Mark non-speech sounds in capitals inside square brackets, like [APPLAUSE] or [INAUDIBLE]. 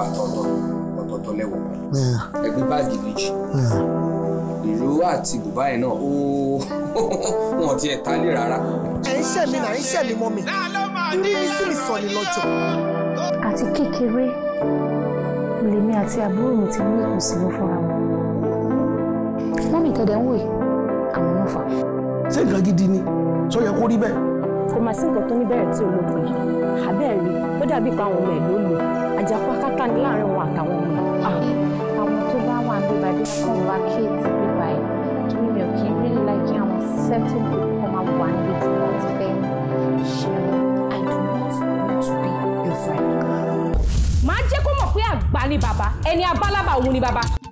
bàtà ọ̀tọ̀ọ̀tọ̀ lẹ́wọ̀ ẹgbẹ́ báàgì méjì ìró àti bùbá yẹn náà ó [LAUGHS] wọn tiẹ̀ ta lé rárá. ẹ ń ṣẹ̀mí náà ń ṣẹ̀mí mọ́ mi irú mi sì ń sọ ni lọ́jọ́. àti kékeré lèmi àti àbúrò mi ti ní ìkùnsínú fúnra wọn mọ́mí ìtẹ̀dẹ̀ ń wè àwọn náà fà. ṣé nǹkan gidi ni tó yẹ kó rí bẹ́ẹ̀. kò mà sí nǹkan tó ní bẹ̀rẹ̀ tí olóògùn yìí àbẹ́ẹ̀ rí ó dàbí pa àwọn ọmọ ẹ̀ ló convert kids by torí mi ò kí n really like ẹni abálábà òun ni bàbá.